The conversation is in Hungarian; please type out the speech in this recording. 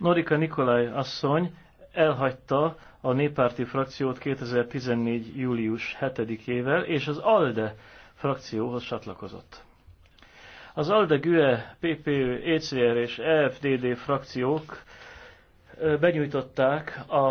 Norika Nikolaj asszony elhagyta a néppárti frakciót 2014. július 7-ével, és az ALDE frakcióhoz csatlakozott. Az ALDE, GUE, PPÖ, ECR és EFDD frakciók benyújtották a